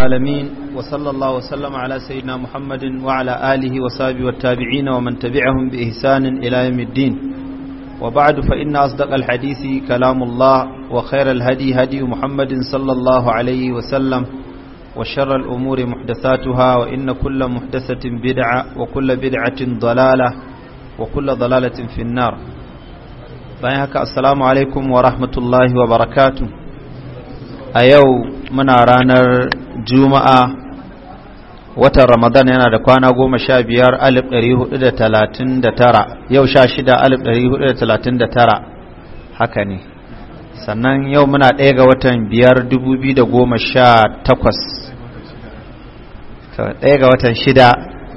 العالمين وصلى الله وسلم على سيدنا محمد وعلى آله وصحبه والتابعين ومن تبعهم بإحسان إلى يوم الدين وبعد فإن أصدق الحديث كلام الله وخير الهدي هدي محمد صلى الله عليه وسلم وشر الأمور محدثاتها وإن كل محدثة بدعة وكل بدعة ضلالة وكل ضلالة في النار السلام عليكم ورحمة الله وبركاته أيوه muna ranar juma'a watan ramadan yana da kwana goma sha biyar alif ɗari hudu da talatin da tara yau sha shida alif ɗari hudu da talatin da tara haka ne sannan yau muna ɗaya ga watan biyar dubu biyu da goma sha takwas ɗaya ga watan shida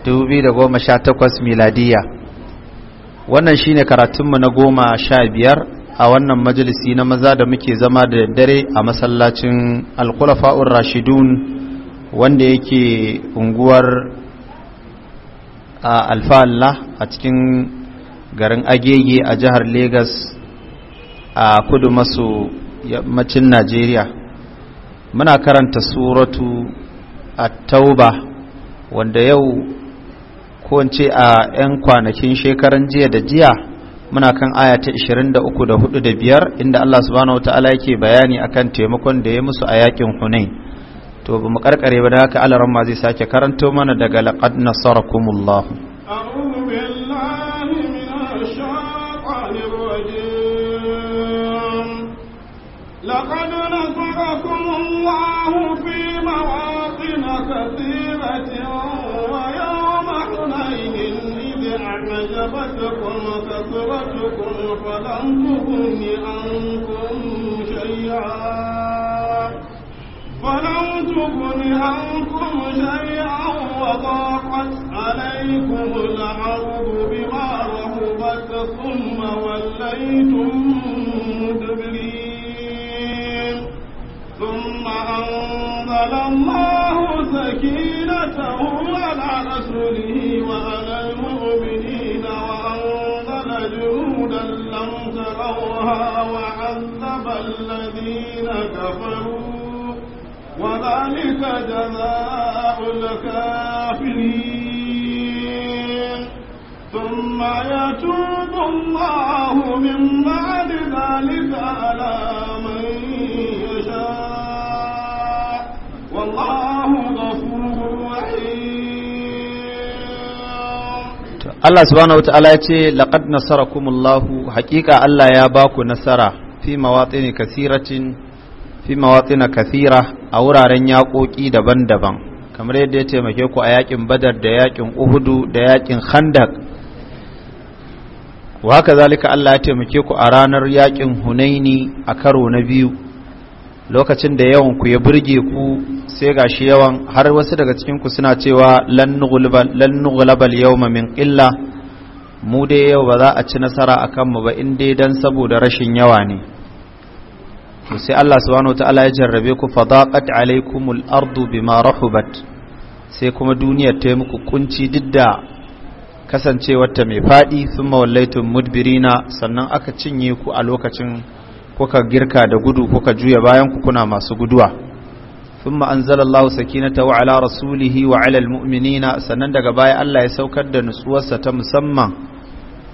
dubu biyu da goma sha takwas miladiya wannan shine karatunmu na goma sha biyar a wannan majalisi na maza da muke zama da daddare a masallacin alkulafa'ur rashidun wanda yake unguwar alfa'alla a cikin garin agege a jihar Legas a kudu maso yammacin najeriya muna karanta suratu a tauba wanda yau ko a 'yan kwanakin shekaran jiya da jiya muna kan aya ta 23 da 4 da 5 inda Allah subhanahu ta'ala yake bayani akan taimakon da ya musu a yakin Hunain to bamu karkare ba da haka alaran ma zai sake karanto mana daga laqad nasarakumullah a'udhu billahi minash shaitanir rajim laqad nasarakumullah fi mawaqin نصرتكم فلم تغن عنكم شيئا فلم تغن عنكم شيئا وضاقت عليكم الأرض بما رهبت ثم وليتم مدبرين ثم أنزل الله سكينته على رسوله الله وعذب الذين كفروا وذلك جزاء الكافرين ثم يتوب الله من بعد ذلك على Allah subhanahu wataala ya ce laqad nasarakumullahu haqiqa Allah ya ba ku nasara fi mawatin kasiratin fi mawatin kathira a wuraren yaƙoƙi daban-daban kamar yadda ya taimake ku a yaƙin badar da yaƙin uhudu da yaƙin khandak wa haka zalika Allah ya taimake ku a ranar yaƙin hunaini a karo na biyu lokacin da yawan ku ya burge ku sai ga shi yawan har wasu daga cikin ku suna cewa lan nughlabal yawma min qilla mu dai yau ba za a ci nasara akan mu ba in dai dan saboda rashin yawa ne to sai Allah subhanahu wataala ya jarrabe ku fadaqat alaikumul ardu bima rahubat sai kuma duniya ta yi muku kunci didda kasancewarta mai fadi thumma wallaitum mudbirina sannan aka cinye ku a lokacin kuka girka da gudu kuka juya bayan ku kuna masu guduwa thumma anzalallahu ta ala rasulihi wa ala almu'minina sannan daga baya Allah ya saukar da nutsuwarsa ta musamman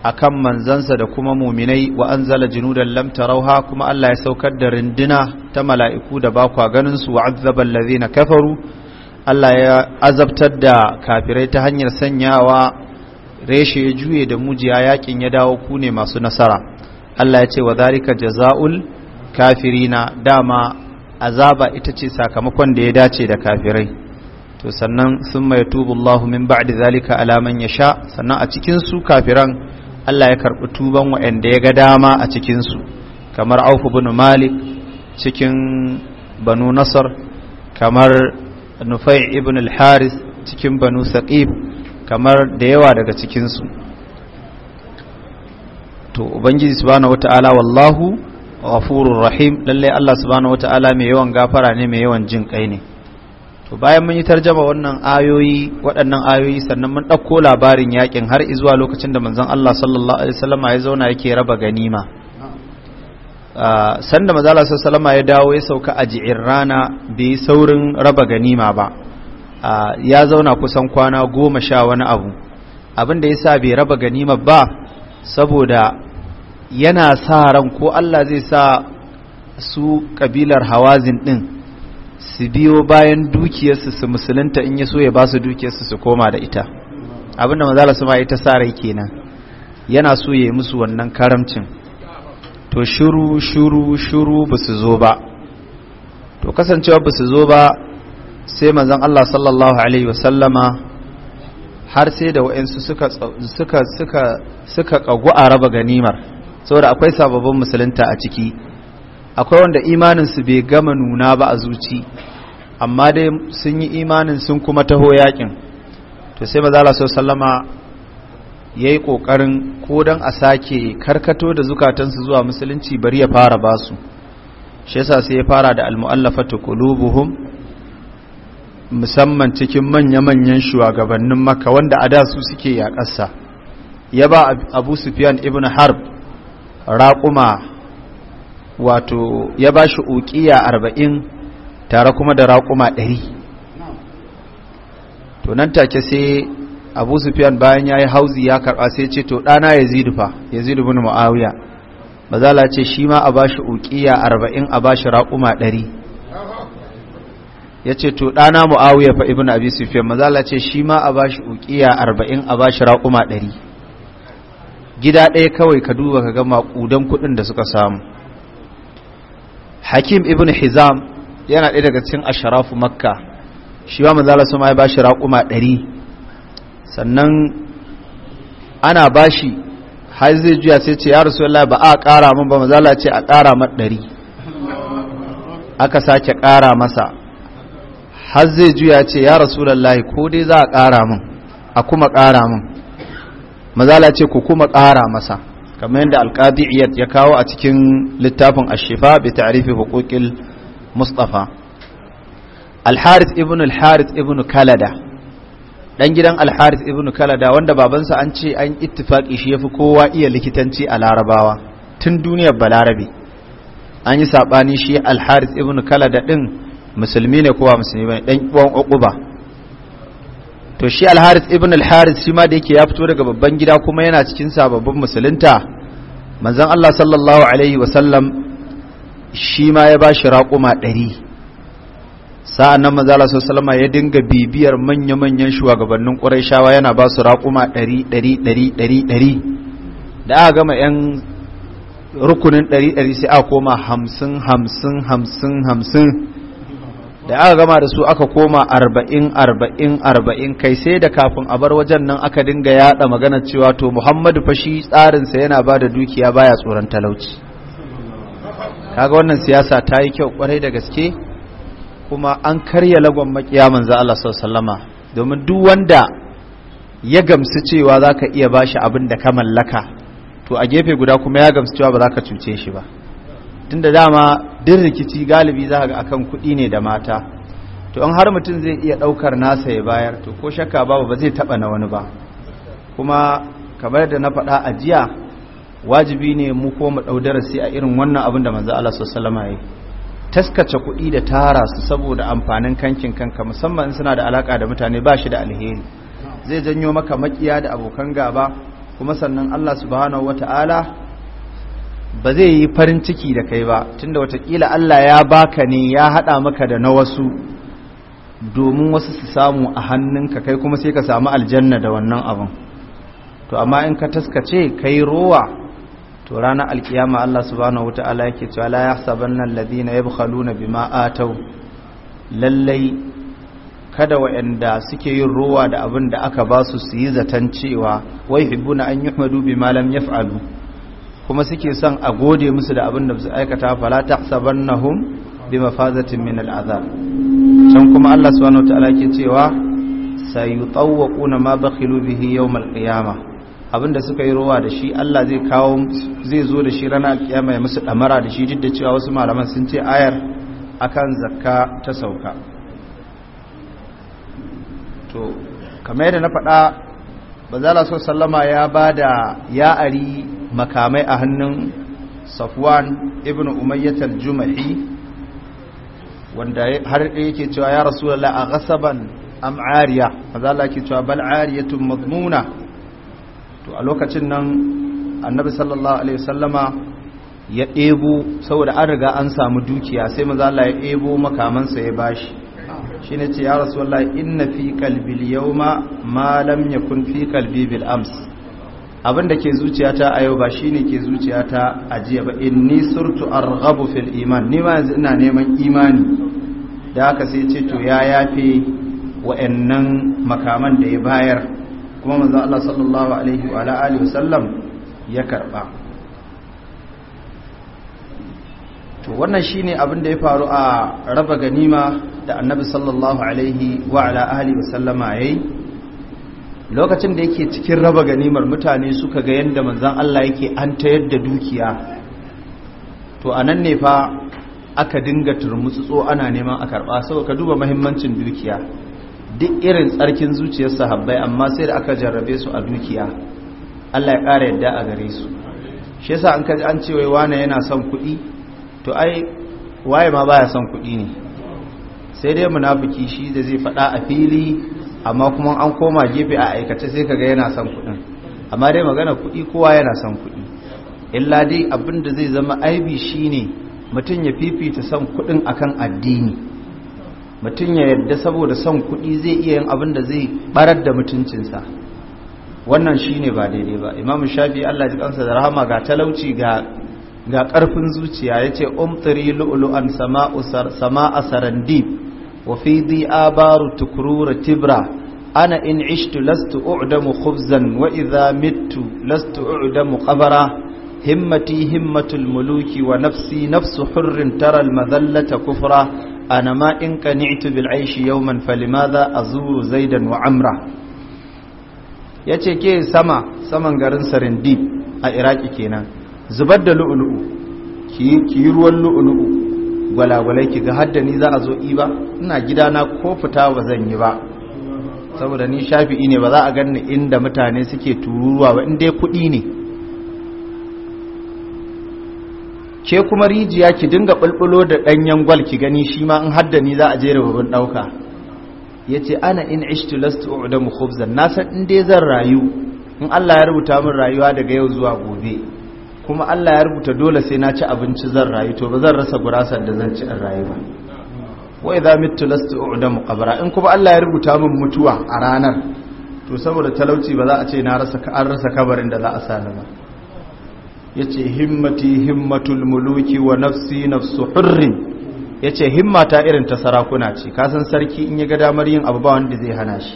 akan manzansa da kuma muminai wa anzala junudan lam tarauha kuma Allah ya saukar da rinduna ta mala'iku da ba kwa ganin su wa na allazina kafaru Allah ya azabtar da kafirai ta hanyar sanyawa reshe ya juye da mujiya yakin ya dawo ku ne masu nasara Allah ya ce wa zalika jaza'ul kafirina dama azaba ita ce sakamakon da ya dace da kafirai to sannan sun mai tubullahu min ba'di zalika alaman ya sha sannan a cikinsu kafiran Allah ya karɓi tuban waɗanda ya ga dama a cikinsu kamar Auf ibn Malik cikin Banu Nasar kamar Nufai ibn al-Haris cikin Banu Saqib kamar da yawa daga cikinsu. to ubangiji subhanahu wataala wallahu ghafurur rahim lalle Allah subhanahu wataala mai yawan gafara ne mai yawan jin kai ne to bayan mun yi tarjama wannan ayoyi waɗannan ayoyi sannan mun ɗauko labarin yakin har zuwa lokacin da manzon Allah sallallahu alaihi wasallam ya zauna yake raba ganima ah, sanda manzon Allah sallallahu alaihi ya dawo ya sauka a rana bai saurin raba ganima ba ah, ya zauna kusan kwana goma sha wani abu abin da yasa bai raba ganima ba saboda yana sa ran ko Allah zai sa su kabilar hawazin din su biyo bayan dukiyarsu su musulunta in ya so ya ba su dukiyarsu su koma da ita abinda mazala su ma ita sa rai kenan yana so ya yi musu wannan karamcin to shuru shuru shuru ba su zo ba to kasancewa ba su zo ba sai manzon Allah sallallahu alaihi wasallama har sai da wa'ansu suka suka a raba ganimar saboda akwai sababbin musulunta a ciki akwai wanda imaninsu bai gama nuna ba a zuci amma dai sun yi imanin sun kuma taho yakin to sai mazala sau sallama ya yi ƙoƙarin ko don a sake karkato da zukatansu zuwa musulunci bari ya fara basu shi yasa sai ya fara da almu'allafatu qulubuhum musamman cikin manya-manyan shugabannin makka wanda a da su suke yaƙarsa ya ba abu sufyan ibn harb raƙuma wato ya ba shi uƙiya arba'in tare kuma da raƙuma ɗari to nan take sai abu sufiyan bayan ya yi hauzi ya karɓa sai ce to ɗana ya zidu fa ya zidu bin ma'awiya ba za la ce shi ma a ba shi uƙiya arba'in a ba shi raƙuma ɗari ya ce to ɗana mu'awiya fa ibn Abu sufiyan ma za la ce shi ma a ba shi uƙiya arba'in a ba shi raƙuma ɗari gida ɗaya kawai ka duba ka gama ƙudan kuɗin da suka samu hakim ibn hizam yana ɗaya daga cikin asharafu makka shi ba mazala su ya bashi raƙuma ɗari sannan ana bashi har zai juya sai ce ya rasu ba a ƙara min ba mazala ce a ƙara mat ɗari aka sake ƙara masa har zai juya ce ya rasu ko dai za a ƙara min a kuma ƙara min mazala ce ku kuma ƙara masa kamar yadda alƙadiyyar ya kawo a cikin littafin ashifa bi ta'rifi hukukin mustapha. Alharis ibn Alharis ibn kalada dan gidan Alharis ibn kalada wanda babansa an ce an ittifaƙi shi ya fi kowa iya likitanci a larabawa tun duniyar balarabi. an yi saɓani shi Alharis ibn kalada ɗin musulmi ne kowa musulmi ne dan uwan ba. to shi Alharis ibn Alharis shi ma da yake ya fito daga babban gida kuma yana cikin sababbin musulunta manzon Allah sallallahu alaihi wasallam shi ma ya bashi raƙuma ɗari sa'an nan manzon Allah sallallahu alaihi ya dinga bibiyar manya-manyan shugabannin Qurayshawa yana ba su raƙuma ɗari ɗari ɗari ɗari ɗari da aka gama yan rukunin ɗari ɗari sai a koma hamsin hamsin hamsin hamsin da aka gama da su aka koma arba'in arba'in arba'in kai sai da kafin a bar wajen nan aka dinga yada magana cewa to muhammadu fashi tsarinsa yana ba da dukiya baya tsoron talauci kaga wannan siyasa ta yi kyau kwarai da gaske kuma an karya lagon makiya manzo Allah sallama domin duk wanda ya gamsu cewa zaka iya bashi abin da ka mallaka to a gefe guda kuma ya gamsu cewa ba za ka cuce shi ba Tun da dama duk rikici galibi za ga akan kuɗi ne da mata to an har mutum zai iya ɗaukar nasa ya bayar to ko shakka babu ba zai taɓa na wani ba kuma kamar da na faɗa a jiya wajibi ne mu ko mu ɗau darasi a irin wannan abin da manzo Allah sallallahu alaihi taskace kuɗi da tara su saboda amfanin kankin kanka musamman in suna da alaka da mutane ba shi da alheri zai janyo maka makiya da abokan gaba kuma sannan Allah subhanahu wataala ba zai yi farin ciki da kai ba tunda watakila Allah ya baka ne ya haɗa maka da na wasu domin wasu su samu a hannunka kai kuma sai ka samu aljanna da wannan abin to amma in ka taskace kai rowa to ranar alkiyama Allah subhanahu wata'ala yake cewa la yahsabanna alladhina yabkhaluna bima ataw lallai kada waɗanda suke yin rowa da abin da aka ba su su yi zaton cewa wai hibbuna an yuhmadu bima lam yaf'alu kuma suke son a gode musu da abin da su aikata fala bi mafazatin min al'azab can kuma Allah subhanahu wataala ke cewa sayutawwaquna ma bakhilu bihi yawmal abin da suka yi rowa da shi Allah zai kawo zai zo da shi ranar kiyama ya musu damara da shi duk da cewa wasu malaman sun ce ayar akan zakka ta sauka to kamar yadda na faɗa bazala so sallama ya bada ya ari makamai a hannun safwan ibn umayyatar al-jumahi wanda har yake cewa ya rasulullah a ghasaban am ariya ke yake cewa bal ariyatun madmuna to a lokacin nan annabi sallallahu alaihi wasallama ya ɗebo saboda an riga an samu dukiya sai mazala ya ɗebo makamansa ya bashi shi ne ce ya rasuwallah inna fi kalbi yau ma malam ya kun fi kalbi bil ams abinda ke zuciyata a yau ba shi ne ke zuciyata a jiya ba in ni surtu arghabu fil iman ni ma yanzu ina neman imani da haka sai ce to ya yafe wa'annan makaman da ya bayar kuma manzo Allah sallallahu alaihi wa alihi wasallam ya karɓa. to wannan shine abin da ya faru a raba ganima da annabi sallallahu alaihi wa ala ahli wa sallama yayi lokacin da yake cikin raba ganimar mutane suka ga yadda manzon Allah yake an tayar da dukiya to anan ne fa aka dinga turmutsutso ana neman a karba saboda ka duba muhimmancin dukiya duk irin tsarkin zuciyar sahabbai amma sai da aka jarrabe su a dukiya Allah ya ƙara yadda a gare su shi yasa an an ce wai wane yana son kuɗi to ai waye ma baya son kuɗi ne sai dai munafiki shi da zai faɗa a fili amma kuma an koma gefe a aikace sai kaga yana son kuɗin amma dai magana kuɗi kowa yana son kuɗi illa dai abin da zai zama aibi shine mutum ya fifita son kuɗin akan addini mutum ya yadda saboda son kuɗi zai iya yin abin da zai barar da mutuncinsa wannan shine ba daidai ba imamu shafi Allah ji kansa da rahama ga talauci ga ga ƙarfin zuciya ya ce umtari lu'lu'an sama a sarandib wa fi di'abaru tukurura tibra ana in ishtu lastu u'damu khubzan wa idha mittu lastu u'damu qabara himmati himmatul muluki wa nafsi nafsu hurrin tara almadhallata kufra ana ma in qani'tu bil aishi yawman falimadha azuru zaidan wa amra yace ke sama saman garin sarandib a iraki kenan zubar da lu'ulu'u ki yi ruwan lu'ulu'u gwalagwalai ki ga hadda ni za a zo ba ina gidana ko fita ba zan yi ba saboda ni shafi'i ne ba za a ganni inda mutane suke tururuwa ba inda kuɗi ne ke kuma rijiya ki dinga bulbulo da ɗanyen gwal ki gani shi ma in hadda ni za a jera babban ɗauka ya ce ana in ishtu lastu u'damu khubzan na san in dai zan rayu in Allah ya rubuta min rayuwa daga yau zuwa gobe kuma Allah ya rubuta dole sai na ci abinci zan rayu to ba zan rasa gurasar da zan ci in rayu ba wa idza mittu lastu u'damu qabra in kuma Allah ya rubuta min mutuwa a ranar to saboda talauci ba za a ce na rasa an rasa kabarin da za a sani ba yace himmati himmatul muluki wa nafsi nafsu hurri yace himmata irin ta sarakuna ce ka san sarki in ya ga damar yin abu ba wanda zai hana shi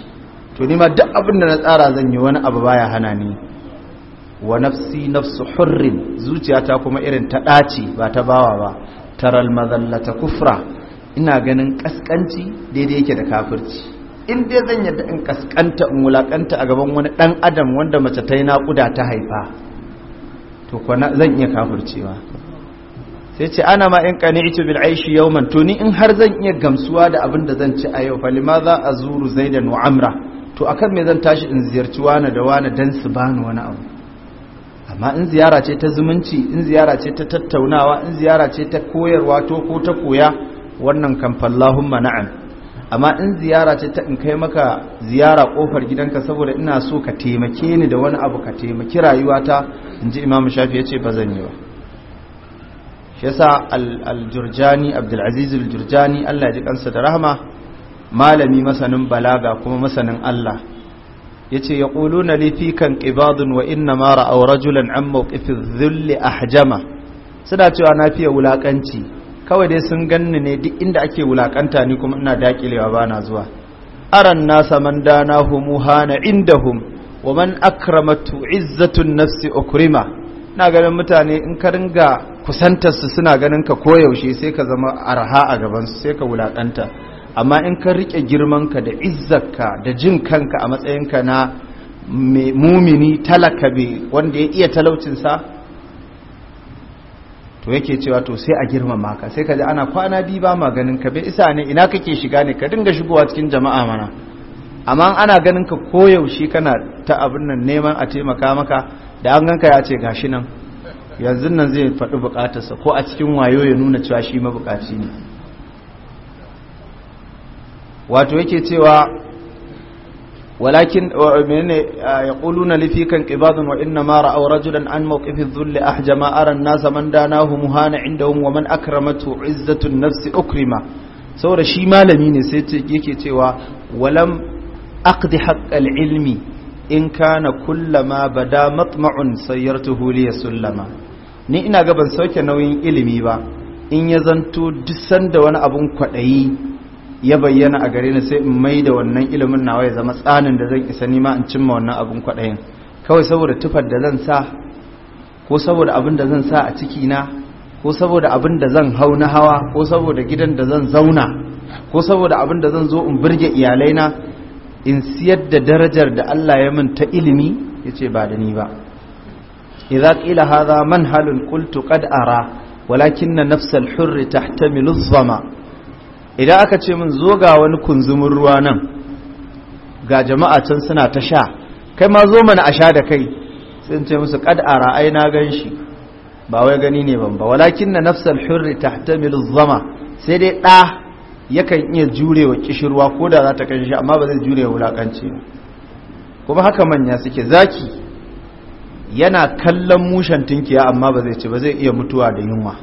to nima duk abin da na tsara zan yi wani abu baya hana ni wa nafsi nafsu hurrin zuciyata kuma irin ta ɗaci ba ta bawa ba taral mazallata kufra ina ganin kaskanci daidai yake da kafirci in dai zan yadda in kaskanta in wulakanta a gaban wani dan adam wanda mace ta yi naƙuda ta haifa to kwana zan iya kafircewa sai ce ana ma in kani ito bil aishi yawman to ni in har zan iya gamsuwa da abin da zan ci a yau falima za a zuru zaidan wa amra to akan me zan tashi in ziyarci wani da wani dan su bani wani abu amma in ziyara ce ta zumunci in ziyara ce ta tattaunawa in ziyara ce ta koyarwa to ko ta koya wannan kan fallahumma na'am amma in ziyara ce ta in kai maka ziyara kofar gidanka saboda ina so ka taimake ni da wani abu ka taimaki rayuwata in ji imamu shafi ya ce ba zan yi ba shi yasa al-jurjani abdulaziz al Allah ya ji kansa da rahama malami masanin balaga kuma masanin Allah yace yaquluna li fikan ibadun wa inna ma ra'aw rajulan an mawqifiz dhull ahjama suna cewa na fiye wulakanci kawai dai sun ganni ne duk inda ake wulakanta ni kuma ina dakilewa bana zuwa aran nasa man danahum hana indahum wa man akramatu izzatun nafsi ukrima na ganin mutane in ka ringa kusantarsu suna ganin ka koyaushe sai ka zama arha a gabansu sai ka wulakanta amma in ka riƙe ka da izzarka da jin kanka a matsayin ka na mumini talaka be wanda ya iya talaucinsa to yake cewa to sai a girmama ka sai ka ana kwana biyu ba ma ganin ka bai isa ne ina kake shiga ne ka dinga shigowa cikin jama'a mana amma ana ganin ka koyaushe kana ta abin nan neman a taimaka maka da an ganka ya ce gashi nan yanzu nan zai faɗi bukatarsa ko a cikin wayo ya nuna cewa shi mabukaci ne wato yake cewa walakin menene yaquluna li fikan qibadun wa inna ma ra'aw rajulan an mawqifi dhulli ahjama aran nasa nas man danahu muhana indahum wa man akramatu izzatu nafsi ukrima saboda shi malami ne sai yake cewa walam aqdi al ilmi in kana kullama bada matma'un sayyartuhu li sallama ni ina ga ban sauke nauyin ilimi ba in ya zanto duk sanda wani abun kwaɗayi ya bayyana a gare ni sai in mai da wannan ilimin nawa ya zama tsanin da zan isa nima in cimma wannan abin kwaɗayin kawai saboda tufar da zan sa ko saboda abin da zan sa a cikina ko saboda abin da zan hau na hawa ko saboda gidan da zan zauna ko saboda abin da zan zo in burge na in siyar da darajar da Allah ya min ta ilimi ya ce ba da ni ba idza qila hadha manhalun qultu qad ara walakinna nafsal hurri tahtamilu dhama idan aka ce min zo ga wani kunzumin ruwa nan ga jama'a can suna ta sha kai ma zo mana a sha da kai sun ce musu kad a ai na gan shi ba wai gani ne ban ba walakin na nafsal hurri mil zama sai dai ɗa yakan iya jurewa kishirwa ko da za ta kan shi amma ba zai jure wulakanci ba kuma haka manya suke zaki yana kallon mushen tunkiya amma ba zai ce ba zai iya mutuwa da yunwa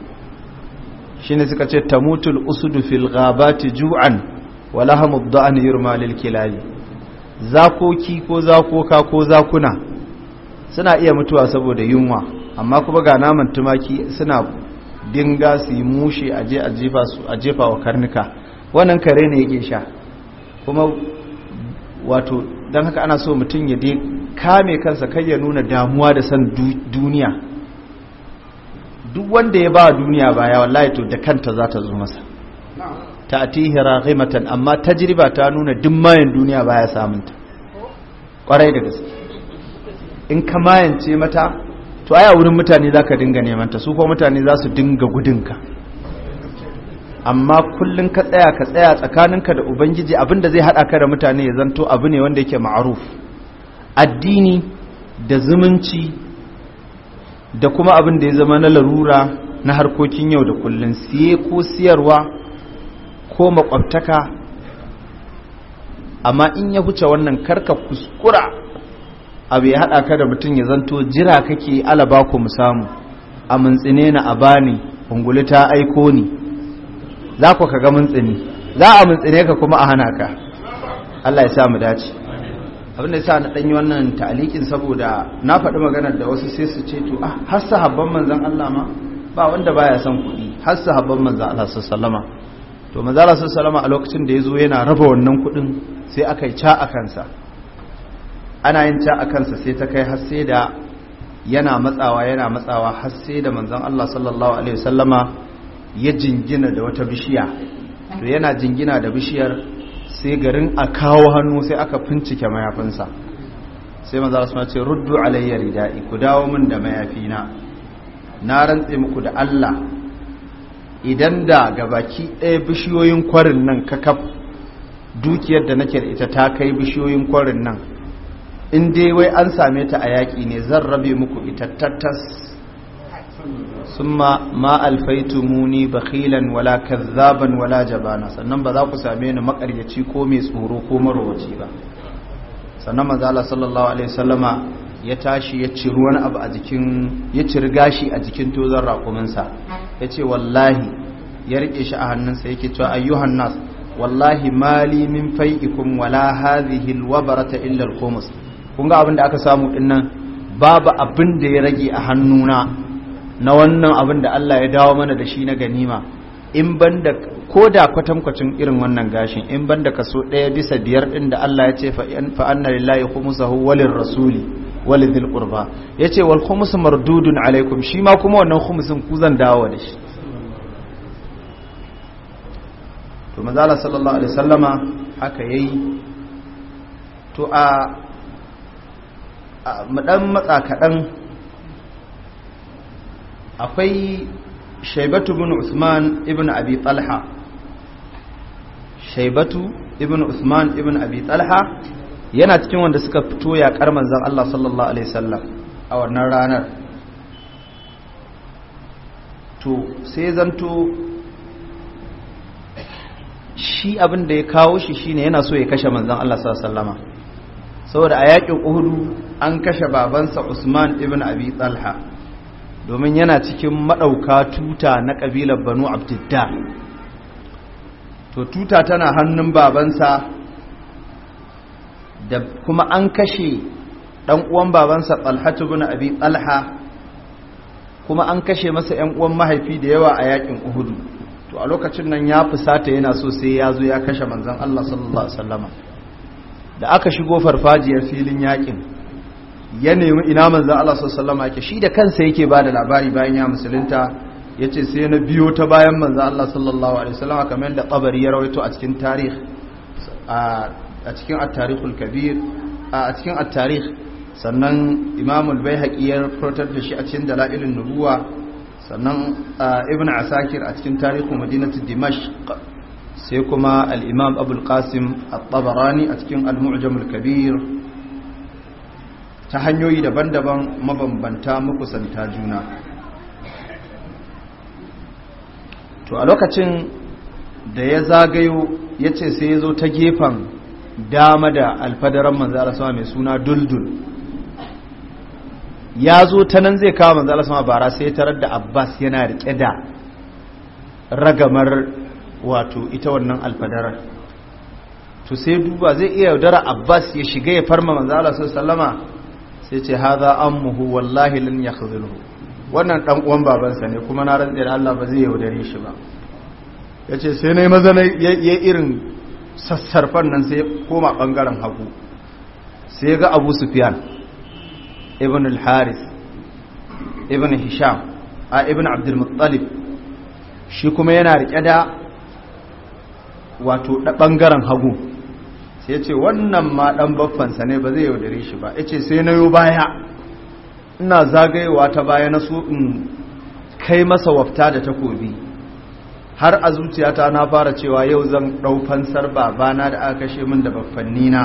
shine suka ce tamutul usudu fil ghabati ju'an wa lahamu da'an yurma lil kilali zakoki ko zakoka ko zakuna suna iya mutuwa saboda yunwa amma kuma ga naman tumaki suna dinga su yi mushe a je a jefa wa karnuka wannan kare ne yake sha kuma wato don haka ana so mutum ya dai kame kansa kai ya nuna damuwa da san duniya duk wanda ya ba duniya baya wallahi to da kanta za ta zo masa ta atihi raghimatan amma tajriba ta nuna duk mayan duniya baya samunta kwarai da gaske in ka mayance mata to aya wurin mutane za ka dinga neman ta su ko mutane za su dinga gudunka amma kullum ka tsaya ka tsaya tsakaninka da ubangiji abinda zai haɗa ka da mutane ya zanto abu ne wanda yake ma'aruf addini da zumunci da kuma abin da ya zama na larura na harkokin yau da kullum siye ko siyarwa ko makwabtaka amma in ya huce wannan karka kuskura abu ya haɗa ka da mutum ya zanto jira kake alaba ku mu samu a mintsine na a bani ungulu ta aiko ni za ku ka ga za a mintsine ka kuma a hana ka Allah ya sa mu dace abinda ya sa na ɗanyi wannan ta'alikin saboda na faɗi maganar da wasu sai su ce to ah har habban manzan Allah ma ba wanda baya son kuɗi har habban manzan Allah sallama to manzan Allah sallama a lokacin da ya zo yana raba wannan kuɗin sai aka yi ca a kansa ana yin ca a kansa sai ta kai har sai da yana matsawa yana matsawa har sai da manzan Allah sallallahu alaihi wasallama ya jingina da wata bishiya to yana jingina da bishiyar sai garin a kawo hannu sai aka fincike mayafinsa sai maza su ce ruddu alayya rida'i ku dawo min da mayafina na rantse muku da Allah idan da ga baki ɗaya bishiyoyin kwarin nan kakaf dukiyar da nake da ita ta kai bishiyoyin kwarin nan in dai wai an same ta a yaƙi ne zan rabe muku ita tattas summa ma alfaitumuni bakhilan wala kazzaban wala jabana sannan ba za ku same ni makaryaci ko mai tsoro ko marowaci ba sannan manzo Allah sallallahu alaihi wasallama ya tashi ya ciri wani abu a jikin ya gashi a jikin tozan rakuminsa ya ce wallahi ya rike shi a hannunsa yake cewa ayyuhan nas wallahi mali min fai'ikum wala hadhihi alwabarata illa alqumus kun ga abin da aka samu dinnan babu abin da ya rage a hannuna na wannan abin da Allah ya dawo mana da shi na ganima in da ko da kwatankwacin irin wannan gashin in ban da kaso ɗaya bisa biyar ɗin da Allah ya ce fa anna lillahi walin rasuli walidhil qurba yace wal su mardudun alaikum shi ma kuma wannan khumsin ku zan dawo da shi to manzala sallallahu alaihi wasallama haka yayi to a mu dan matsa kadan akwai shaibatu bin usman ibn abi talha shaibatu ibn usman ibn abi talha yana cikin wanda suka fito ya yaƙar manzan allah sallallahu alaihi sallam a wannan ranar to sai zanto shi abin da ya kawo shi shine yana so ya kashe manzan allah sallallahu alaihi wasallam saboda a yaƙin uhudu an kashe babansa usman ibn abi talha domin yana cikin maɗauka tuta na ƙabilar banu abdidda to tuta tana hannun babansa da kuma an kashe ɗan uwan babansa ɓalhatu bin abi ɓalha kuma an kashe masa ‘yan uwan mahaifi da yawa a yaƙin uhudu to a lokacin nan ya fusata yana so sai ya zo ya kashe manzon Allah sallallahu Alaihi wasallama da aka shigo farfajiyar filin yaƙin. ya nemi ina manzan Allah sallama yake shi da kansa yake ba da labari bayan ya musulunta ya ce sai na biyo ta bayan manzan Allah sallallahu alaihi wasallama kamar da kabari ya rawaito a cikin tarih a cikin at-tarihul kabir a cikin at sannan imamul baihaqi ya fitar da shi a cikin dalailin nubuwa sannan ibn asakir a cikin tarihin madinatu dimash sai kuma al-imam abul qasim at-tabarani a cikin al-mu'jamul kabir ta hanyoyi daban-daban mabambanta makusanta juna to a lokacin da ya zagayo ya ce sai ya zo ta gefen dama da alfadaran manzala sama mai suna duldul ya zo ta nan zai kawo manzala sama bara sai ya tarar da abbas yana rike da ragamar wato ita wannan alfadaran, to sai duba zai iya yaudara abbas ya shiga ya farma manzala sallama sai ce haza muhu wallahi lan yakhzilhu wannan ɗan uwan babansa ne kuma na rantsar Allah ba zai yaudare shi ba ya ce sai nayi maza na ya irin sassarfan nan sai koma ɓangaren hagu sai ga Abu Sufyan ibn al-Haris ibn Hisham a ibn Abdul shi kuma yana rike da wato ɓangaren hagu sai ce wannan ma dan baffansa ne ba zai yaudare shi ba yace sai na yo baya ina zagayewa ta baya na so in kai masa wafta da takobi har a zuciyata na fara cewa yau zan dau fansar babana da aka kashe min da baffanni na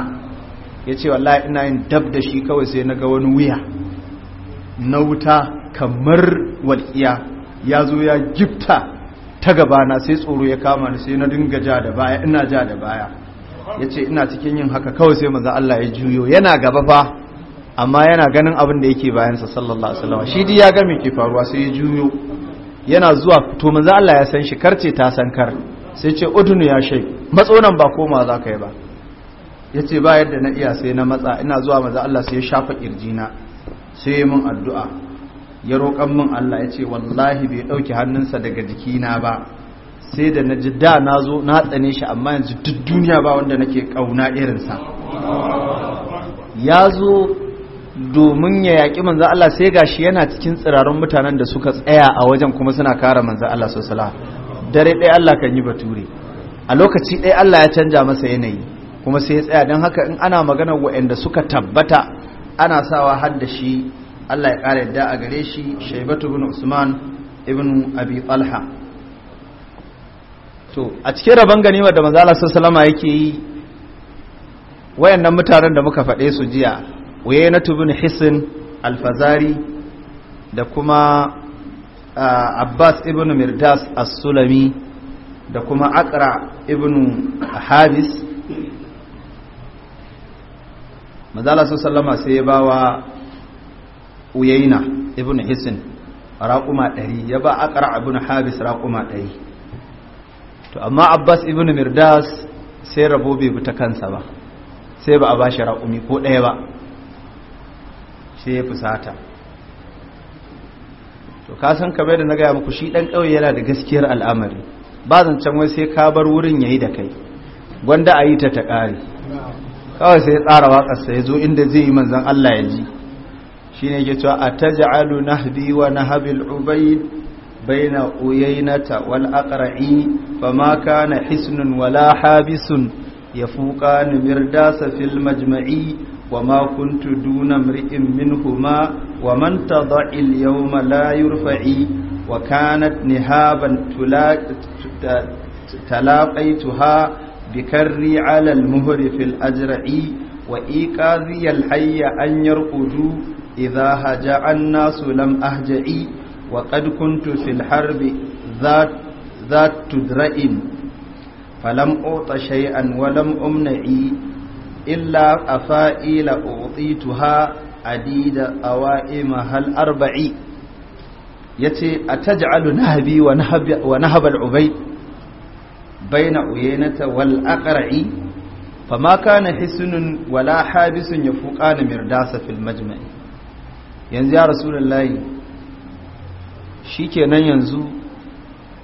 yace wallahi ina yin dab da shi kawai sai naga wani wuya na wuta kamar walƙiya ya zo ya gifta ta gabana sai tsoro ya kama ni sai na dinga ja da baya ina ja da baya ya ce ina cikin yin haka kawai sai maza Allah ya juyo yana gaba fa amma yana ganin abin da yake bayansa sallallahu alaihi wasallam shi ya ga me ke faruwa sai ya juyo yana zuwa to maza Allah ya san shi karce ta san kar sai ce udunu ya shai matsonan ba koma za ka yi ba yace ba yadda na iya sai na matsa ina zuwa maza Allah sai ya shafa na sai min addu'a ya roƙan min Allah ya ce wallahi bai ɗauki hannunsa daga jikina ba sai da na ji da na zo na tsane shi amma yanzu duk duniya ba wanda nake kauna irin sa ya zo domin ya yaƙi manzan Allah sai gashi yana cikin tsirarun mutanen da suka tsaya a wajen kuma suna kara manzan Allah sallallahu alaihi dare ɗaya Allah kan yi bature a lokaci ɗaya Allah ya canja masa yanayi kuma sai ya tsaya don haka in ana maganar waɗanda suka tabbata ana sawa har da shi Allah ya ƙara yadda a gare shi Shaibatu bin Usman ibn Abi Talha to a cikin rabon ganimar da manzo Allah sallallahu yake yi wayannan mutanen da muka faɗe su jiya wayna tubun hisin alfazari da kuma uh, abbas ibn mirdas as-sulami da kuma akra ibn habis mazala su sallama sai ya ba wa uyaina ibn hisin raƙuma ɗari ya ba akra ibn habis raƙuma ɗari to amma abbas ibn mirdas sai rabo bai bi ta kansa ba sai ba a ba shi raƙumi ko ɗaya ba sai ya fusata to kasan kamar da na gaya muku shi ɗan ƙauye yana da gaskiyar al'amari ba zancen wai sai ka bar wurin ya yi da kai gwanda a yi ta ta ƙari kawai sai tsara waƙarsa ya zo inda zai yi manzan Allah ya ji shi ne ke cewa a ta ja'alu na wa na habil ubaid بين أيينة والأقرع فما كان حسن ولا حابس يفوقان مرداس في المجمع وما كنت دون امرئ منهما ومن تضع اليوم لا يرفع وكانت نهابا تلاقيتها بكري على المهر في الأجرع وإيقاذي الحي أن يرقدوا إذا هجع الناس لم أهجئ وقد كنت في الحرب ذات تدرئن فلم أعط شيئا ولم أمنعي إلا أفائي لأعطيتها عديد أوائمها الأربعي yace a taj'alu nahabi wa nahab wa nahab al-ubayd bayna uyainata wal aqra'i fama kana hisnun wala habisun yafuqana mirdasa fil majma'i yanzu ya rasulullahi shi kenan yanzu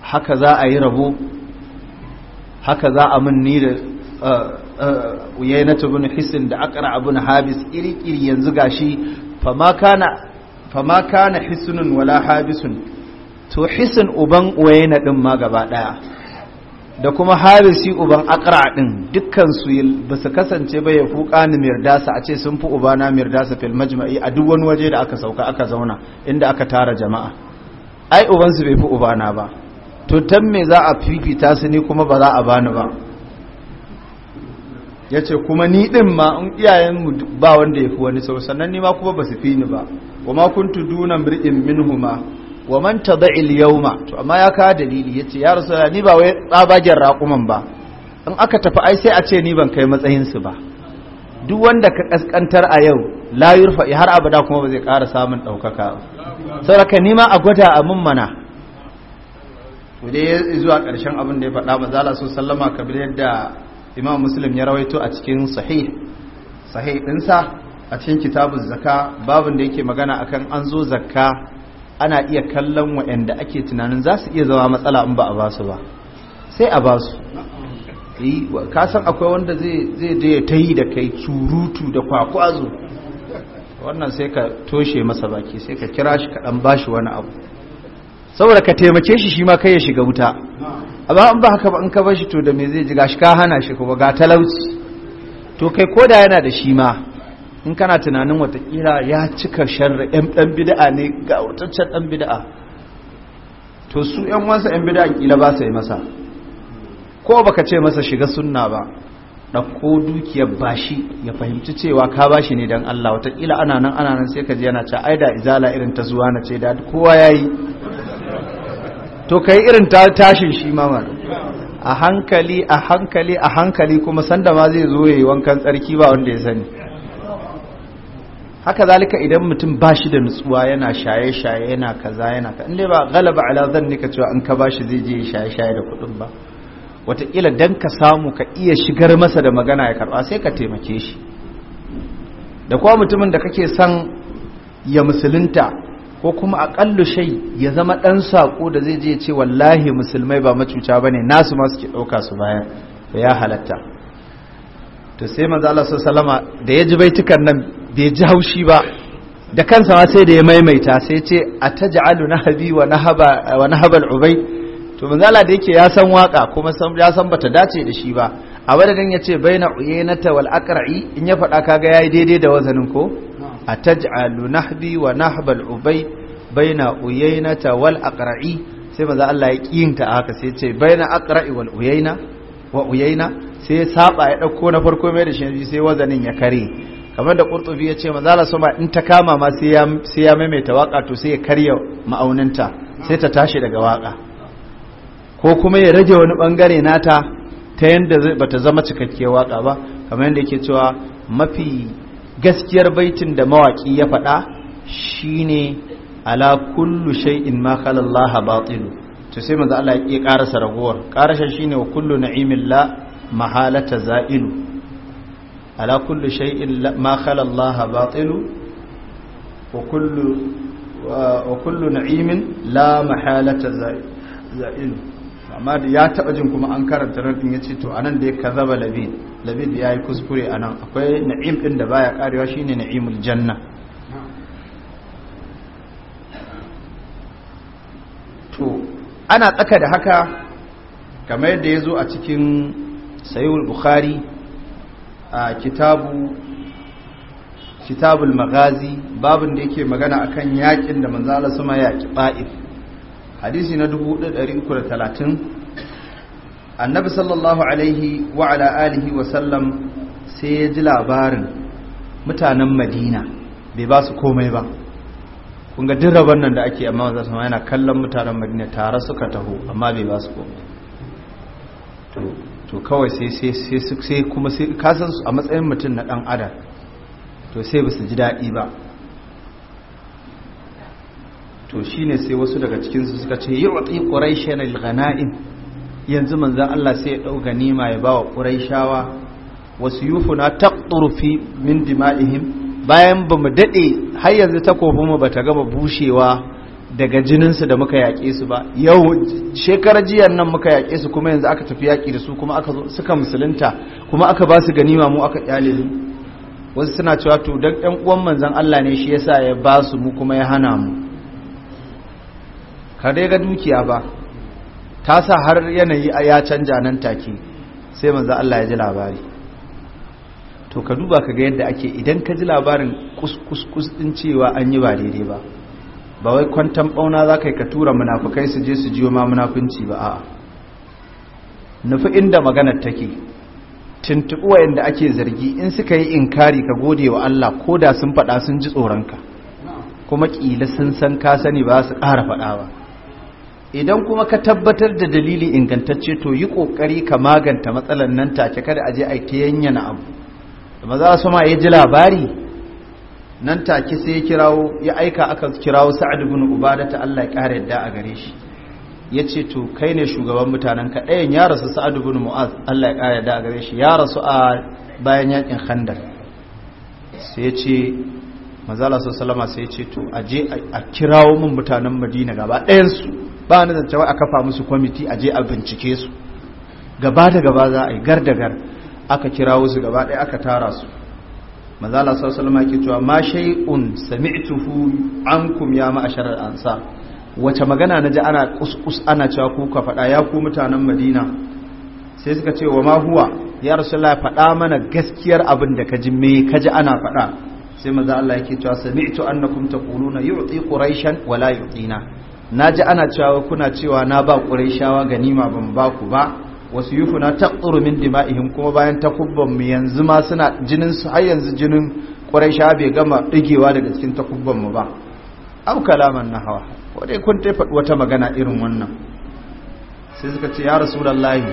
haka za a yi rabo haka za a ni da uh, uh, uyainatu bin hisin da akara abin habis iri-iri yanzu gashi fama kana hisunun wala habisun to hisin uban uyaina ɗin ma gaba ɗaya, da kuma habisi uban akara din dukkansu ba su kasance ba ya fuka ni mirdasa a ce sun fi ubana mirdasa filmajima'i majma'i a duk wani waje da aka sauka aka zauna inda aka tara jama'a ai ubansu bai fi ubana ba to tan me za a fifita su ni kuma ba za a bani ba yace kuma ni ɗin ma in iyayenmu ba wanda ya fi wani sau sannan ni ma kuma ba su fi ni ba wa ma kuntu duna mir'in minhuma wa man tada'il yawma to amma ya kawo dalili yace ya rasu ni ba wai tsabagen raƙuman ba in aka tafi ai sai a ce ni ban kai matsayin su ba duk wanda ka kaskantar a yau la yurfa har abada kuma ba zai ƙara samun ɗaukaka ba. sauraka nima a gwada a mana ya zuwa ƙarshen abin da ya faɗa ba, la su sallama kabil yadda imam musulun ya rawaito a cikin sahih ɗinsa a cikin kitabun zaka babin da yake magana akan an zo zakka ana iya kallon waɗanda ake tunanin za su iya zama matsala in ba a ba su ba sai a ba su. yi ka san akwai wanda zai je ta yi da kai curutu da kwakwazo wannan sai ka toshe masa baki sai ka kira shi kaɗan ba shi wani abu saboda ka taimake shi shi ma kai ya shiga wuta amma in ba haka ba in ka bar shi to da me zai ji gashi ka hana shi kuma ga talauci to kai koda yana da shi ma in kana tunanin watakila ya cika sharri yan ɗan bid'a ne ga wataccen ɗan bid'a to su yan wasa yan bid'a kila ba su yi masa ko baka ce masa shiga sunna ba ɗauko dukiyar bashi ya fahimci cewa ka bashi ne don Allah watakila ana nan ana nan sai ka ji yana ce ai da izala irin ta zuwa na ce da kowa ya yi to ka yi irin tashin shi ma a hankali a hankali a hankali kuma sanda ma zai zo ya yi wankan tsarki ba wanda ya sani haka zalika idan mutum ba shi da nutsuwa yana shaye-shaye yana kaza yana ka inda ba galaba ala zan ne ka cewa in ka ba shi zai je shaye-shaye da kuɗin ba wataƙila dan ka samu ka iya shigar masa da magana ya karba sai ka taimake shi da kuma mutumin da kake son ya musulunta ko kuma aƙallu shai ya zama ɗan saƙo da zai je ya ce wallahi musulmai ba macuta ba ne nasu masu ke ɗauka su bayan da ya halatta to sai manzo Allah salama da ya ji baitukan nan bai ji haushi ba da kansa ma sai da ya maimaita sai ce ataj'alu nahabi wa nahaba wa nahabal ubay to manzala da yake ya san waka kuma ya san bata dace da shi ba a madadin ya ce bai na uyenata wal akra'i in ya faɗa kaga ya yi daidai da wazanin ko a taj'alu nahbi wa nahbal ubai bai na uyenata wal akra'i sai maza Allah ya ƙiyinta a haka sai ce bai na akra'i wal uyena wa uyena sai ya saba ya ɗauko na farko mai da shi sai wazanin ya kare kamar da ƙurtubi ya ce manzala sama in ta kama ma sai ya maimaita waka to sai ya karya ma'auninta sai ta tashi daga waka ko kuma ya rage wani bangare nata ta yadda ba ta zama cikakke waka ba kamar yadda yake cewa mafi gaskiyar baitin da mawaki ya faɗa shine ala kullu shay'in ma khala Allah batilu to sai manzo Allah ya karasa ragowar karashin shine wa kullu na'imin la mahalata za'ilu ala kullu shay'in ma khala Allah batilu wa kullu wa kullu na'imin la mahalata za'ilu amma da ya taɓa jin kuma an karanta nan ya ce to anan da ya kazaba labid labid ya yi kuskure a nan akwai na'im ɗin da baya karewa shine na'imul janna to ana tsaka da haka kamar yadda ya zo a cikin sayuwar bukhari a kitabu kitabul magazi babin da yake magana akan yakin da manzala sama yaki ba'if hadisi na 1330 annabi sallallahu alaihi wa ala alihi wa sallam sai ya ji labarin mutanen madina bai ba su komai ba kun ga duk rabon nan da ake amma wanzar sama yana kallon mutanen madina tare suka taho amma bai ba su komai to kawai sai kuma sai kasan a matsayin mutum na dan adam to sai ba su ji daɗi ba to shine sai wasu daga cikin su suka ce yi watsi ƙuraishen al-ghana'in yanzu manzan Allah sai ya ɗau ganima ya ba wa ƙuraishawa wasu yufuna ta ƙurfi min dima'ihim bayan ba mu daɗe har yanzu takobinmu ba ta gaba bushewa daga jininsu da muka yaƙe su ba yau shekarar jiyan nan muka yaƙe su kuma yanzu aka tafi yaƙi da su kuma aka zo suka musulunta kuma aka ba su ganima mu aka ƙyale su wasu suna cewa to dan ɗan uwan manzan Allah ne shi yasa ya ba su mu kuma ya hana mu kare ga dukiya ba ta sa har yanayi a ya canja nan take sai manzo Allah ya ji labari to ka duba ka ga yadda ake idan ka ji labarin kus-kus cewa an yi ba daidai ba ba wai kwantan bauna za ka yi ka tura munafukai su je su jiyo ma munafunci ba a'a nufi inda maganar take tuntuɓi wayanda ake zargi in suka yi inkari ka gode wa Allah ko da sun faɗa sun ji tsoronka kuma ƙila sun san ka sani ba su ƙara faɗa ba idan kuma ka tabbatar da dalili ingantacce to yi kokari ka maganta matsalar nan take kada aje a ta yanyana abu da maza su ma ya ji labari nan take sai ya kirawo ya aika aka kirawo sa'ad ibn ubada ta Allah ya kare yadda a gare shi yace to kai ne shugaban mutanen ka ɗayan ya rasu sa'ad ibn mu'az Allah ya kare yadda a gare shi ya rasu a bayan yakin khandar sai yace manzo Allah sallallahu alaihi wasallam sai yace to aje a kirawo mun mutanen Madina gaba ɗayan su ba na zancewa a kafa musu kwamiti a je a bincike su gaba da gaba za a yi gar da gar aka kira wasu gaba ɗaya aka tara su mazala sallama ke cewa ma shay'un sami'tuhu ankum ya ma'asharar ansa wace magana na ji ana kuskus ana cewa ku ka faɗa ya ku mutanen madina sai suka ce wa ma huwa ya rasu la faɗa mana gaskiyar abin da ka ji me ka ji ana faɗa sai maza Allah yake cewa na annakum taquluna yu'ti quraishan wala yu'tina na ji ana cewa kuna cewa na ba shawa ganima ban ba ku ba wasu yufu na taƙuru min dima'ihim kuma bayan mu yanzu ma suna jinin su har yanzu jinin shawa bai gama ɗigewa daga cikin mu ba au kalaman na hawa ko dai kun taifa wata magana irin wannan sai suka ce ya rasulullahi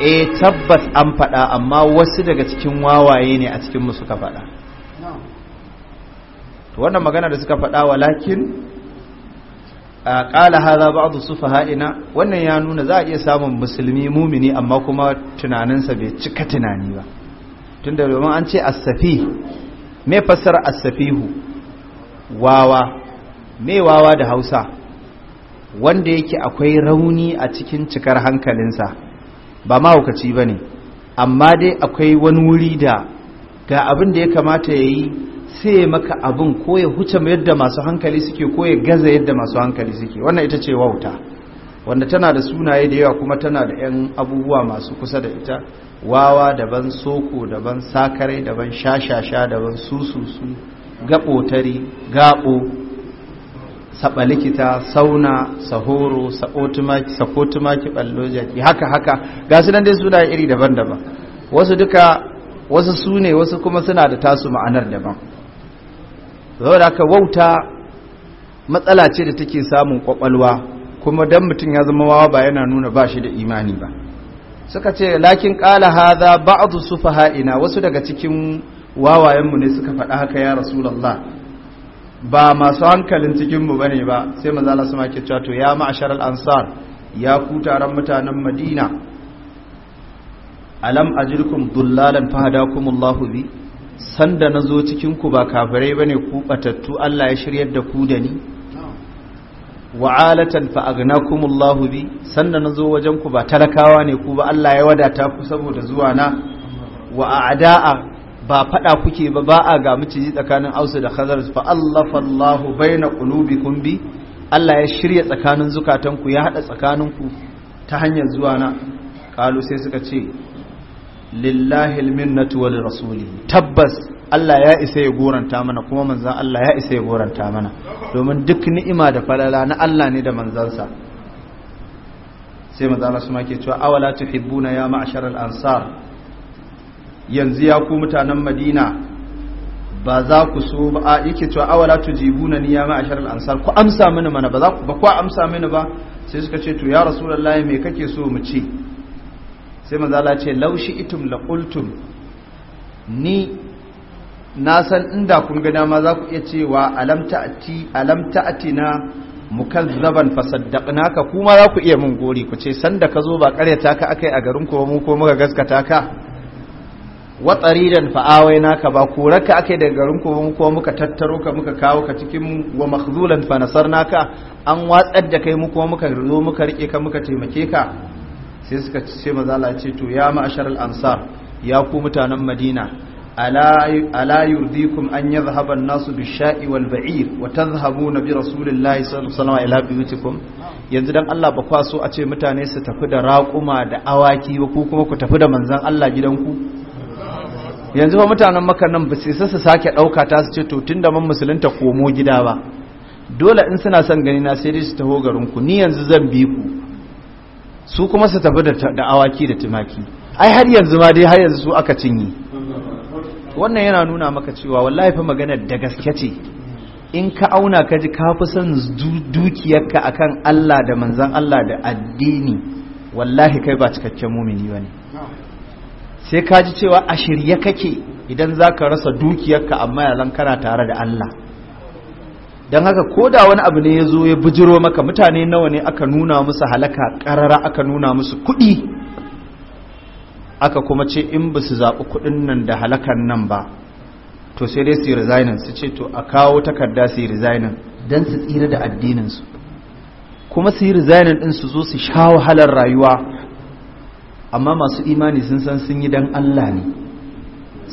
eh tabbas an faɗa amma wasu daga cikin wawaye ne a cikin mu suka faɗa wannan magana da suka faɗa walakin qala hadha ba'd sufaha'ina wannan ya nuna za a iya samun musulmi mumini amma kuma tunaninsa bai cika tunani ba tunda domin an ce as-safi me fasar as-safihu wawa me wawa da Hausa wanda yake akwai rauni a cikin cikar hankalinsa ba mahaukaci bane amma dai akwai wani wuri da ga abin da ya kamata yayi sai maka abin ko ya huce yadda masu hankali suke ko ya gaza yadda masu hankali suke wannan ita ce wauta wanda tana da sunaye da yawa kuma tana da 'yan abubuwa masu kusa da ita wawa daban soko daban sakare daban shashasha daban sususu gaɓotari gaɓo saɓalikita sauna sahoro sakotumaki ɓallojaki haka haka gasu nan dai suna iri daban-daban wasu duka wasu su wasu kuma suna da tasu ma'anar daban zaura aka wauta matsala ce da take samun kwakwalwa kuma dan mutum ya zama wawa ba yana nuna ba shi da imani ba suka ce lakin qala hadha sufaha ina wasu daga cikin wawayenmu ne suka faɗa haka ya rasulullah ba masu hankalin cikinmu ba ne ba sai maza Allah sama ke to ya ma'ashar al'ansar ya ku taron mutanen madina alam ajirkum dullalan fahadakumullahu bi sanda na zo cikinku ba kafirai ba ne ku ɓatattu Allah ya shiryar da ku da ni wa'alatan fa'agnakumullahu bi sanda na zo wajenku ba talakawa ne ku ba Allah ya wadata ku saboda zuwa na wa a'da'a ba faɗa kuke ba ba a ga miciji tsakanin ausu da khazar fa allafa baina qulubikum bi Allah ya shirya tsakanin zukatanku ya haɗa tsakaninku ta hanyar zuwa na kalu sai suka ce lillahi minnatu wa rasuli tabbas Allah ya isa ya goranta mana kuma manzan Allah ya isa ya goranta mana domin duk ni'ima da falala na Allah ne da manzansa sai manzan Allah su ke cewa awala tuhibbuna ya ma'ashar al-ansar yanzu ya ku mutanen Madina ba za ku so ba a yake cewa awala tujibuna ni ya ma'ashar al-ansar ku amsa mini mana ba za ku ba ku amsa mini ba sai suka ce to ya rasulullahi me kake so mu ce sai manzala ce laushi itum la ni na san inda kun ga ma za ku iya cewa alam ta'ati na ta'atina na ka kuma za ku iya mun gori ku ce sanda ka zo ba karyata ka akai a garin ku ko muka gaskata ka wa na ka ba koraka akai daga garin ku ko muka tattaro ka muka kawo ka cikin mu wa makhzulan fa ka an watsar da kai mu ko muka zo muka rike ka muka taimake ka sai suka ce maza ce to ya ma'ashar al-ansar ya ku mutanen Madina ala yurdikum an yadhhaba an-nasu bi shai wal-ba'ir wa na bi rasulillahi sallallahu alaihi wasallam ila yanzu dan Allah ba kwaso a ce mutane su tafi da raƙuma da awaki ba ku kuma ku tafi da manzan Allah gidanku yanzu ba mutanen maka nan ba sai su sake ɗauka ta su ce to tunda mun musulunta komo gida ba dole in suna son gani na sai dai su taho garin ku ni yanzu zan bi ku su kuma su tafi da awaki da tumaki ai har yanzu ma dai har yanzu su aka cinye wannan yana nuna maka cewa wallahi fa magana da gaske ce in ka auna ka ji ka fi son dukiyarka akan Allah da manzan Allah da addini wallahi kai ba cikakken mumini bane sai ka ji cewa a shirye kake idan zaka rasa dukiyarka amma yanzu kana tare da Allah don haka ko da wani abu ne ya zo ya bijiro maka mutane nawa ne aka nuna musu halaka karara aka nuna musu kuɗi aka kuma ce in ba su zaɓi kuɗin nan da halakan nan ba to sai dai su yi resignin su ce to a kawo takarda su yi resignin don su tsira da addininsu kuma su yi resignin ɗin su zo su sha wahalar rayuwa amma masu imani sun san sun yi don allah ne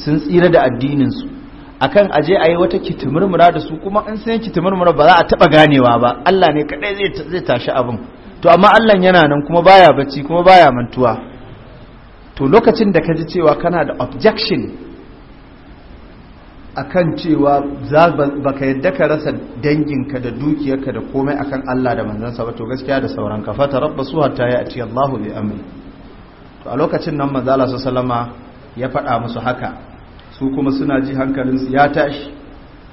sun tsira da addininsu akan aje a yi wata kitimurmura da su kuma an san kitimurmura ba za a taba ganewa ba Allah ne kadai zai zai tashi abin to amma Allah yana nan kuma baya bacci kuma baya mantuwa to lokacin da ka ji cewa kana da objection akan cewa za ba ka yadda ka rasa danginka da dukiyarka da komai akan Allah da manzansa ba to gaskiya da sauran ka fata su hatta ya ce Allahu bi amri to a lokacin nan manzo Allah salama ya faɗa musu haka su kuma suna ji hankalinsu ya tashi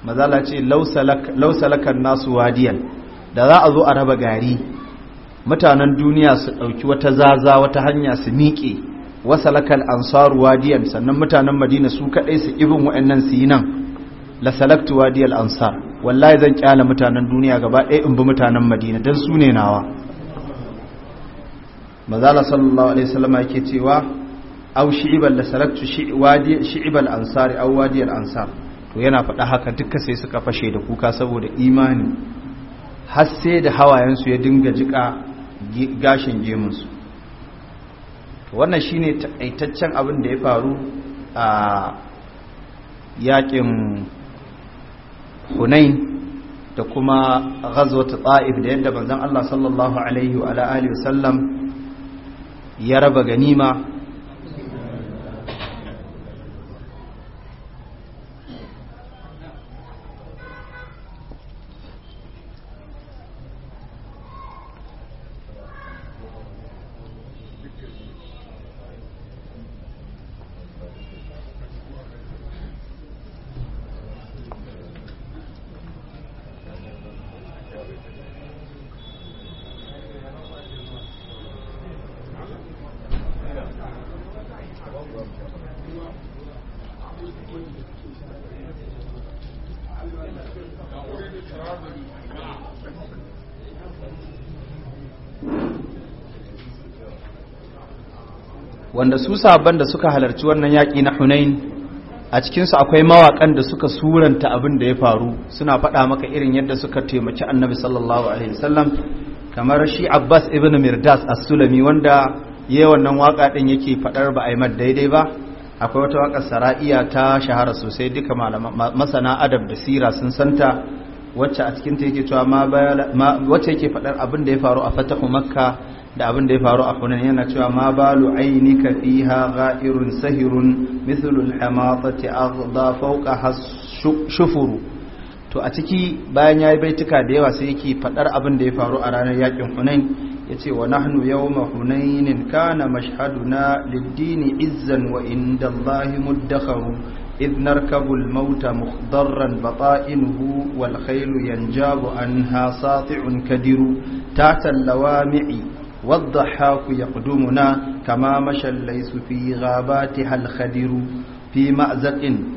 mazala ce lausalakan nasu wadiyan da za a zo a raba gari mutanen duniya su ɗauki wata zaza wata hanya su miƙe wasalakal ansaru wadiyan sannan mutanen madina su kaɗai su ibin wa'annan su yi nan la salaktu wadiyal ansar wallahi zan kyala mutanen duniya gaba ɗaya in bi mutanen madina don su ne nawa mazala sallallahu alaihi yake cewa aw shi'ibal shi shi'ibal ansari aw wadiyal ansar to yana faɗa haka duka sai suka fashe da kuka saboda imani har sai da hawayen su ya dinga jika gashin gemunsu to wannan shine taitaccen abin da ya faru a yakin hunain da kuma ghazwat ta'if da yadda manzon Allah sallallahu alaihi wa alihi wasallam ya raba ganima wanda su sabon da suka halarci wannan yaƙi na hunain a cikinsu akwai mawaƙan da suka suranta abin da ya faru suna faɗa maka irin yadda suka taimaki annabi sallallahu alaihi wasallam kamar shi abbas ibn mirdas as-sulami wanda yayi wannan waka ɗin yake faɗar ba a yi daidai ba akwai wata waƙar sara'iya ta shahara sosai duka masana adab da sira sun santa wacce a cikin ta yake cewa wacce yake faɗar abin da ya faru a fatahu makka da abin da ya faru a kunan yana cewa ma balu fi ha ga'irun sahirun mithlul hamatati aghda fawqa shufuru to a ciki bayan ya yayi baituka da yawa sai yake faɗar abin da ya faru a ranar yakin hunain yace wa nahnu yawma hunain kana mashhaduna lid-dini izzan wa inda Allahi muddakharu idh narkabu al-mauta mukhdarran bata'inuhu wal khaylu yanjabu anha sati'un kadiru tata al-lawami'i والضحاك يقدمنا كما مشى الليث في غاباتها الخدر في مأزق